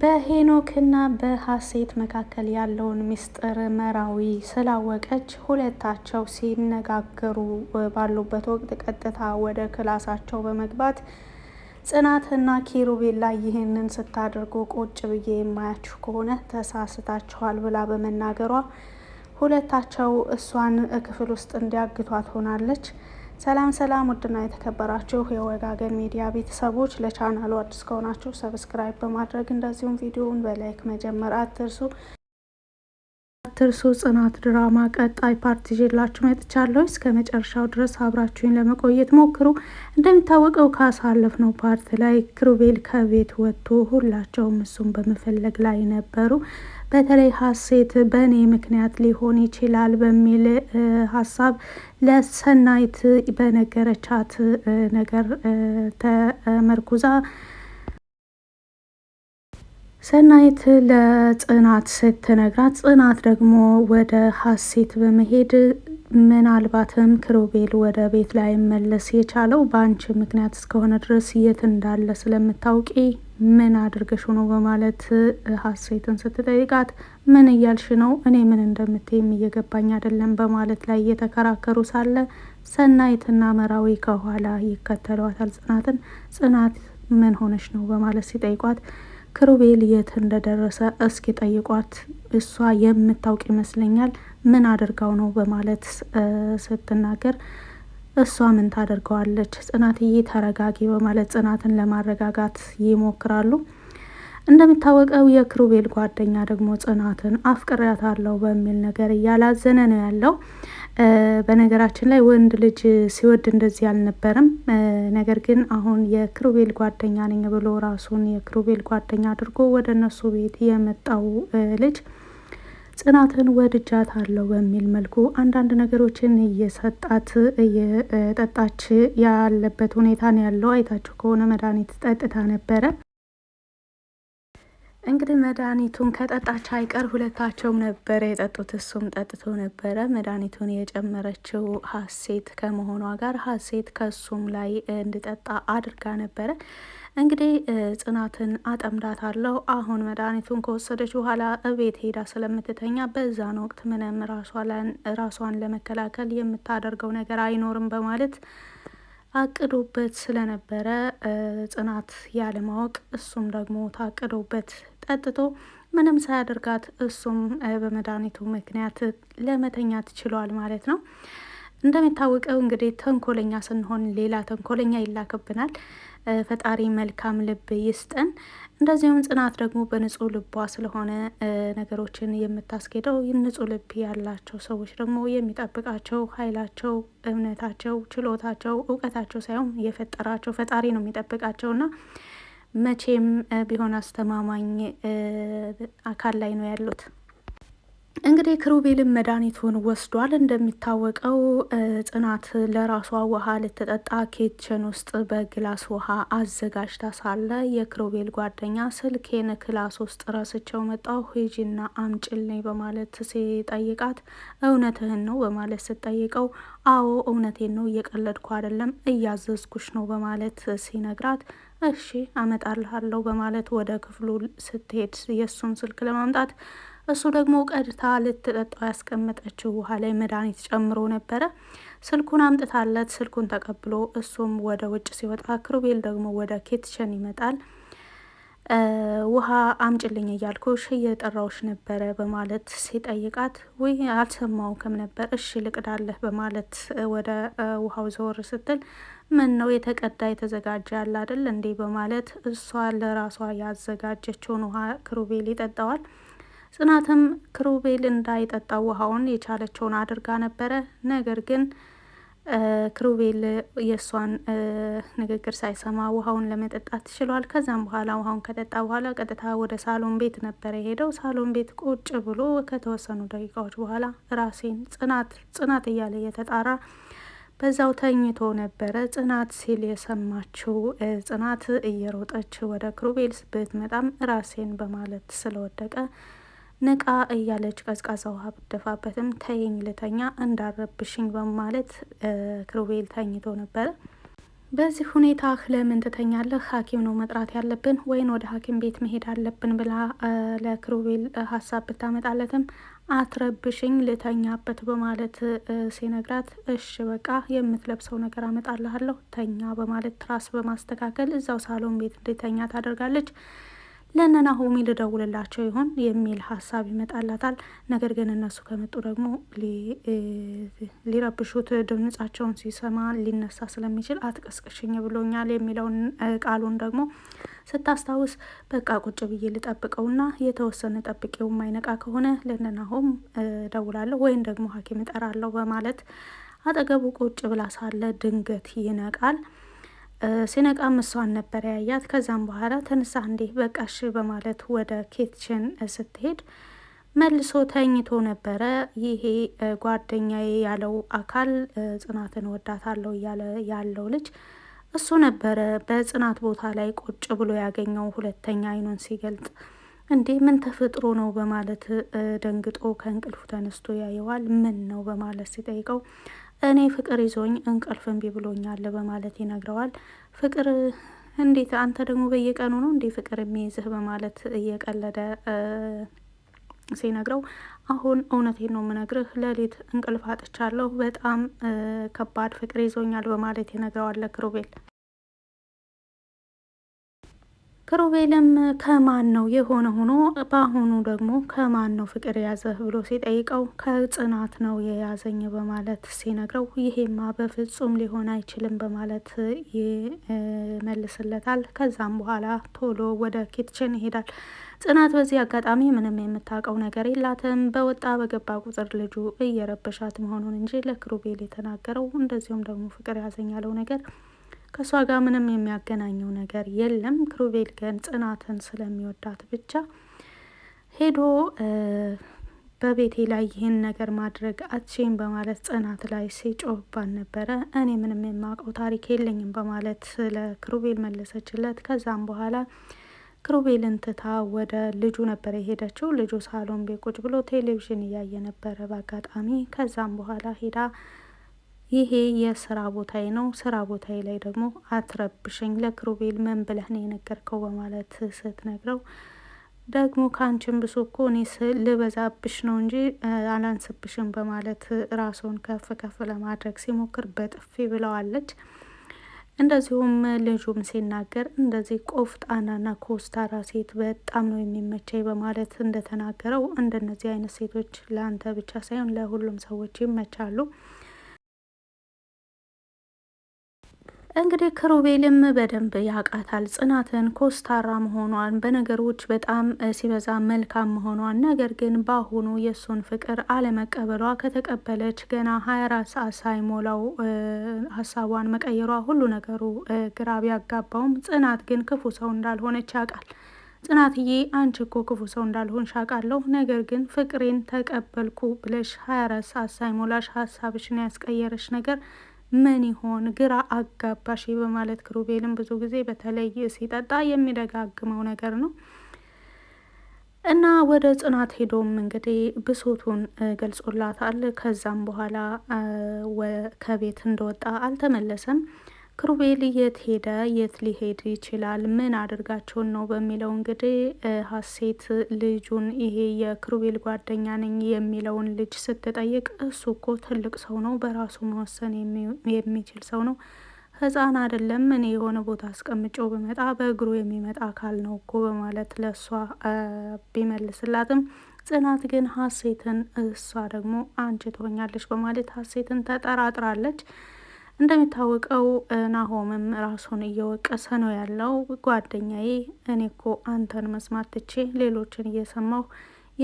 በሄኖክና በሀሴት መካከል ያለውን ምስጢር መራዊ ስላወቀች ሁለታቸው ሲነጋገሩ ባሉበት ወቅት ቀጥታ ወደ ክላሳቸው በመግባት ጽናትና ኪሩቤል ላይ ይህንን ስታደርጉ ቁጭ ብዬ የማያችሁ ከሆነ ተሳስታችኋል ብላ በመናገሯ ሁለታቸው እሷን ክፍል ውስጥ እንዲያግቷት ሆናለች። ሰላም ሰላም፣ ውድና የተከበራችሁ የወጋገን ሚዲያ ቤተሰቦች ለቻናሉ አዲስ ከሆናችሁ ሰብስክራይብ በማድረግ እንደዚሁም ቪዲዮውን በላይክ መጀመር አትርሱ አትርሱ። ጽናት ድራማ ቀጣይ ፓርት ይዤላችሁ መጥቻለሁ። እስከ መጨረሻው ድረስ አብራችሁኝ ለመቆየት ሞክሩ። እንደሚታወቀው ካሳለፍነው ፓርት ላይ ክሩቤል ከቤት ወጥቶ ሁላቸውም እሱን በመፈለግ ላይ ነበሩ። በተለይ ሀሴት በእኔ ምክንያት ሊሆን ይችላል በሚል ሀሳብ ለሰናይት በነገረቻት ነገር ተመርኩዛ ሰናይት ለጽናት ስትነግራት ጽናት ደግሞ ወደ ሀሴት በመሄድ ምናልባትም ክሮቤል ወደ ቤት ላይ መለስ የቻለው በአንቺ ምክንያት እስከሆነ ድረስ የት እንዳለ ስለምታውቂ ምን አድርገሽ ነው በማለት ሀሴትን ስትጠይቃት ምን እያልሽ ነው? እኔ ምን እንደምትይም እየገባኝ አይደለም በማለት ላይ እየተከራከሩ ሳለ ሰናይትና መራዊ ከኋላ ይከተለዋታል ጽናትን። ጽናት ምን ሆነሽ ነው በማለት ሲጠይቋት ክሩቤል የት እንደደረሰ እስኪ ጠይቋት፣ እሷ የምታውቅ ይመስለኛል ምን አድርጋው ነው በማለት ስትናገር እሷ ምን ታደርገዋለች ጽናትዬ ተረጋጊ በማለት ጽናትን ለማረጋጋት ይሞክራሉ። እንደሚታወቀው የክሩቤል ጓደኛ ደግሞ ጽናትን አፍቅሪያት አለው በሚል ነገር እያላዘነ ነው ያለው። በነገራችን ላይ ወንድ ልጅ ሲወድ እንደዚህ አልነበረም። ነገር ግን አሁን የክሩቤል ጓደኛ ነኝ ብሎ ራሱን የክሩቤል ጓደኛ አድርጎ ወደ እነሱ ቤት የመጣው ልጅ ጽናትን ወድጃት አለው በሚል መልኩ አንዳንድ ነገሮችን እየሰጣት እየጠጣች ያለበት ሁኔታ ነው ያለው። አይታችሁ ከሆነ መድኃኒት ጠጥታ ነበረ። እንግዲህ መድኃኒቱን ከጠጣች አይቀር ሁለታቸውም ነበረ የጠጡት። እሱም ጠጥቶ ነበረ። መድኃኒቱን የጨመረችው ሀሴት ከመሆኗ ጋር ሀሴት ከሱም ላይ እንዲጠጣ አድርጋ ነበረ። እንግዲህ ጽናትን አጠምዳታለሁ። አሁን መድኃኒቱን ከወሰደች በኋላ እቤት ሄዳ ስለምትተኛ በዛን ወቅት ምንም ራሷን ለመከላከል የምታደርገው ነገር አይኖርም በማለት አቅዶበት ስለነበረ ጽናት ያለማወቅ እሱም ደግሞ ታቅዶበት ጠጥቶ ምንም ሳያደርጋት እሱም በመድኃኒቱ ምክንያት ለመተኛት ችሏል ማለት ነው። እንደሚታወቀው እንግዲህ ተንኮለኛ ስንሆን ሌላ ተንኮለኛ ይላክብናል። ፈጣሪ መልካም ልብ ይስጠን። እንደዚሁም ጽናት ደግሞ በንጹህ ልቧ ስለሆነ ነገሮችን የምታስኬደው ንጹህ ልብ ያላቸው ሰዎች ደግሞ የሚጠብቃቸው ኃይላቸው፣ እምነታቸው፣ ችሎታቸው፣ እውቀታቸው ሳይሆን የፈጠራቸው ፈጣሪ ነው የሚጠብቃቸውና መቼም ቢሆን አስተማማኝ አካል ላይ ነው ያሉት። እንግዲህ ክሩቤልን መድኃኒቱን ወስዷል። እንደሚታወቀው ጽናት ለራሷ ውሃ ልትጠጣ ኬችን ውስጥ በግላስ ውሃ አዘጋጅታ ሳለ የክሩቤል ጓደኛ ስልኬን ክላስ ውስጥ ረስቸው መጣው ሂጂና አምጪልኝ በማለት ሲጠይቃት እውነትህን ነው በማለት ስጠይቀው አዎ እውነቴን ነው እየቀለድኩ አይደለም እያዘዝኩሽ ነው በማለት ሲነግራት እሺ አመጣልሃለሁ በማለት ወደ ክፍሉ ስትሄድ የእሱን ስልክ ለማምጣት እሱ ደግሞ ቀድታ ልትጠጣው ያስቀመጠችው ውሃ ላይ መድኃኒት ጨምሮ ነበረ። ስልኩን አምጥታለት ስልኩን ተቀብሎ እሱም ወደ ውጭ ሲወጣ ክሩቤል ደግሞ ወደ ኬትሸን ይመጣል። ውሃ አምጭልኝ እያልኩሽ እየጠራውሽ ነበረ በማለት ሲጠይቃት፣ ወይ አልሰማውክም ነበር፣ እሺ ልቅዳለህ በማለት ወደ ውሃው ዘወር ስትል፣ ምን ነው የተቀዳ የተዘጋጀ ያለ አይደል እንዴ በማለት እሷ ለራሷ ያዘጋጀችውን ውሃ ክሩቤል ይጠጣዋል። ጽናትም ክሩቤል እንዳይጠጣ ውሃውን የቻለችውን አድርጋ ነበረ። ነገር ግን ክሩቤል የእሷን ንግግር ሳይሰማ ውሃውን ለመጠጣት ችሏል። ከዛም በኋላ ውሃውን ከጠጣ በኋላ ቀጥታ ወደ ሳሎን ቤት ነበረ የሄደው። ሳሎን ቤት ቁጭ ብሎ ከተወሰኑ ደቂቃዎች በኋላ ራሴን ጽናት ጽናት እያለ እየተጣራ በዛው ተኝቶ ነበረ። ጽናት ሲል የሰማችው ጽናት እየሮጠች ወደ ክሩቤል ብትመጣም ራሴን በማለት ስለወደቀ ነቃ እያለች ቀዝቃዛ ውሃ ብደፋበትም ተይኝ ልተኛ እንዳረብሽኝ በማለት ክሩቤል ተኝቶ ነበረ። በዚህ ሁኔታ ለምን ትተኛለህ? ሐኪም ነው መጥራት ያለብን ወይን ወደ ሐኪም ቤት መሄድ አለብን ብላ ለክሩቤል ሀሳብ ብታመጣለትም አትረብሽኝ ልተኛበት በማለት ሲነግራት፣ እሽ በቃ የምትለብሰው ነገር አመጣልሃለሁ ተኛ በማለት ትራስ በማስተካከል እዛው ሳሎን ቤት እንድተኛ ታደርጋለች። ለነናሆሜ ልደውልላቸው ይሆን የሚል ሀሳብ ይመጣላታል። ነገር ግን እነሱ ከመጡ ደግሞ ሊረብሹት ድምጻቸውን ሲሰማ ሊነሳ ስለሚችል አትቀስቅሽኝ ብሎኛል የሚለውን ቃሉን ደግሞ ስታስታውስ በቃ ቁጭ ብዬ ልጠብቀውና የተወሰነ ጠብቄው ማይነቃ ከሆነ ለነናሆም ደውላለሁ ወይም ደግሞ ሐኪም እጠራለሁ በማለት አጠገቡ ቁጭ ብላ ሳለ ድንገት ይነቃል። ሲነቃም ምሷን ነበር ያያት። ከዛም በኋላ ተነሳ እንዴ በቃሽ በማለት ወደ ኬትችን ስትሄድ መልሶ ተኝቶ ነበረ። ይሄ ጓደኛዬ ያለው አካል ጽናትን ወዳታለሁ እያለ ያለው ልጅ እሱ ነበረ በጽናት ቦታ ላይ ቁጭ ብሎ ያገኘው ሁለተኛ አይኑን ሲገልጥ እንዴ ምን ተፈጥሮ ነው በማለት ደንግጦ ከእንቅልፉ ተነስቶ ያየዋል። ምን ነው በማለት ሲጠይቀው እኔ ፍቅር ይዞኝ እንቅልፍ እምቢ ብሎኛል በማለት ይነግረዋል። ፍቅር እንዴት አንተ ደግሞ በየቀኑ ነው እንዴ ፍቅር የሚይዝህ በማለት እየቀለደ ሲነግረው አሁን እውነቴን ነው የምነግርህ፣ ሌሊት እንቅልፍ አጥቻለሁ፣ በጣም ከባድ ፍቅር ይዞኛል በማለት ይነግረዋል ለክሩቤል ክሩቤልም ከማን ነው የሆነ ሆኖ በአሁኑ ደግሞ ከማን ነው ፍቅር የያዘህ ብሎ ሲጠይቀው ከጽናት ነው የያዘኝ በማለት ሲነግረው ይሄማ በፍጹም ሊሆን አይችልም በማለት ይመልስለታል። ከዛም በኋላ ቶሎ ወደ ኪትችን ይሄዳል። ጽናት በዚህ አጋጣሚ ምንም የምታውቀው ነገር የላትም። በወጣ በገባ ቁጥር ልጁ እየረበሻት መሆኑን እንጂ ለክሩቤል የተናገረው እንደዚሁም ደግሞ ፍቅር ያዘኝ ያለው ነገር ከእሷ ጋር ምንም የሚያገናኘው ነገር የለም። ክሩቤል ግን ጽናትን ስለሚወዳት ብቻ ሄዶ በቤቴ ላይ ይህን ነገር ማድረግ አትችም በማለት ጽናት ላይ ሲጮባን ነበረ። እኔ ምንም የማውቀው ታሪክ የለኝም በማለት ክሩቤል መለሰችለት። ከዛም በኋላ ክሩቤልን ትታ ወደ ልጁ ነበረ የሄደችው። ልጁ ሳሎን ቤት ቁጭ ብሎ ቴሌቪዥን እያየ ነበረ በአጋጣሚ። ከዛም በኋላ ሄዳ ይሄ የስራ ቦታዬ ነው። ስራ ቦታዬ ላይ ደግሞ አትረብሽኝ፣ ለክሩቤል ምን ብለህ ነው የነገርከው? በማለት ስትነግረው ደግሞ ከአንቺን ብሶ እኮ እኔ ልበዛብሽ ነው እንጂ አላንስብሽም በማለት ራስዎን ከፍ ከፍ ለማድረግ ሲሞክር በጥፊ ብለዋለች። እንደዚሁም ልጁም ሲናገር እንደዚህ ቆፍጣናና ኮስታራ ሴት በጣም ነው የሚመቸኝ በማለት እንደተናገረው እንደነዚህ አይነት ሴቶች ለአንተ ብቻ ሳይሆን ለሁሉም ሰዎች ይመቻሉ። እንግዲህ ክሩቤልም በደንብ ያውቃታል ጽናትን ኮስታራ መሆኗን በነገሮች በጣም ሲበዛ መልካም መሆኗን ነገር ግን በአሁኑ የእሱን ፍቅር አለመቀበሏ ከተቀበለች ገና ሀያ አራት ሰዓት ሳይሞላው ሀሳቧን መቀየሯ ሁሉ ነገሩ ግራ ቢያጋባውም ጽናት ግን ክፉ ሰው እንዳልሆነች ያውቃል። ጽናትዬ አንቺ እኮ ክፉ ሰው እንዳልሆን አውቃለሁ፣ ነገር ግን ፍቅሬን ተቀበልኩ ብለሽ ሀያ አራት ሰዓት ሳይሞላሽ ሀሳብሽን ያስቀየረች ነገር ምን ይሆን ግራ አጋባሽ በማለት ክሩቤልን ብዙ ጊዜ በተለይ ሲጠጣ የሚደጋግመው ነገር ነው እና ወደ ጽናት ሄዶም እንግዲህ ብሶቱን ገልጾላታል። ከዛም በኋላ ከቤት እንደወጣ አልተመለሰም። ክሩቤል የት ሄደ? የት ሊሄድ ይችላል? ምን አድርጋቸውን ነው በሚለው እንግዲህ ሀሴት ልጁን ይሄ የክሩቤል ጓደኛ ነኝ የሚለውን ልጅ ስትጠይቅ እሱ እኮ ትልቅ ሰው ነው፣ በራሱ መወሰን የሚችል ሰው ነው፣ ህፃን አይደለም። እኔ የሆነ ቦታ አስቀምጨው በመጣ በእግሩ የሚመጣ አካል ነው እኮ በማለት ለእሷ ቢመልስላትም ጽናት ግን ሀሴትን እሷ ደግሞ አንቺ ትሆኛለች በማለት ሀሴትን ተጠራጥራለች። እንደሚታወቀው ናሆምም ራሱን እየወቀሰ ነው ያለው። ጓደኛዬ እኔ እኮ አንተን መስማት ትቼ ሌሎችን እየሰማሁ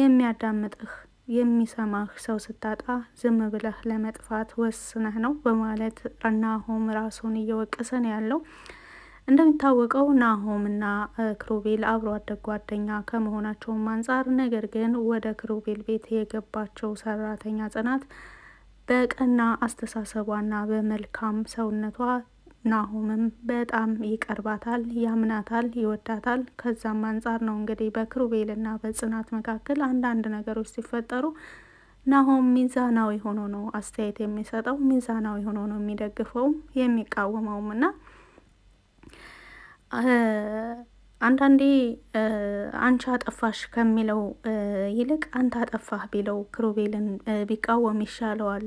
የሚያዳምጥህ የሚሰማህ ሰው ስታጣ ዝም ብለህ ለመጥፋት ወስነህ ነው በማለት ናሆም ራሱን እየወቀሰ ነው ያለው። እንደሚታወቀው ናሆም እና ክሩቤል አብሮ አደግ ጓደኛ ከመሆናቸውም አንጻር ነገር ግን ወደ ክሩቤል ቤት የገባቸው ሰራተኛ ጽናት በቀና አስተሳሰቧና በመልካም ሰውነቷ ናሆምም በጣም ይቀርባታል፣ ያምናታል፣ ይወዳታል። ከዛም አንጻር ነው እንግዲህ በክሩቤልና በጽናት መካከል አንዳንድ ነገሮች ሲፈጠሩ ናሆም ሚዛናዊ ሆኖ ነው አስተያየት የሚሰጠው፣ ሚዛናዊ ሆኖ ነው የሚደግፈውም የሚቃወመውም እና አንዳንዴ አንቺ አጠፋሽ ከሚለው ይልቅ አንተ አጠፋህ ቢለው ክሩቤልን ቢቃወም ይሻለዋል።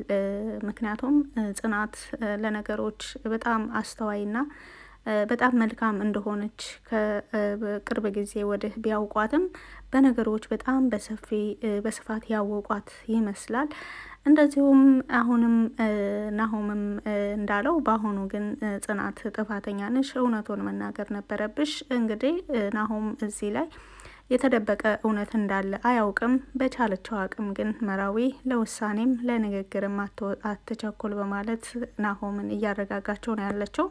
ምክንያቱም ጽናት ለነገሮች በጣም አስተዋይና በጣም መልካም እንደሆነች ከቅርብ ጊዜ ወዲህ ቢያውቋትም በነገሮች በጣም በሰፊ በስፋት ያወቋት ይመስላል። እንደዚሁም አሁንም ናሆምም እንዳለው በአሁኑ ግን ጽናት ጥፋተኛ ነሽ፣ እውነቱን መናገር ነበረብሽ። እንግዲህ ናሆም እዚህ ላይ የተደበቀ እውነት እንዳለ አያውቅም። በቻለችው አቅም ግን መራዊ ለውሳኔም ለንግግርም አትቸኩል በማለት ናሆምን እያረጋጋቸው ነው ያለችው።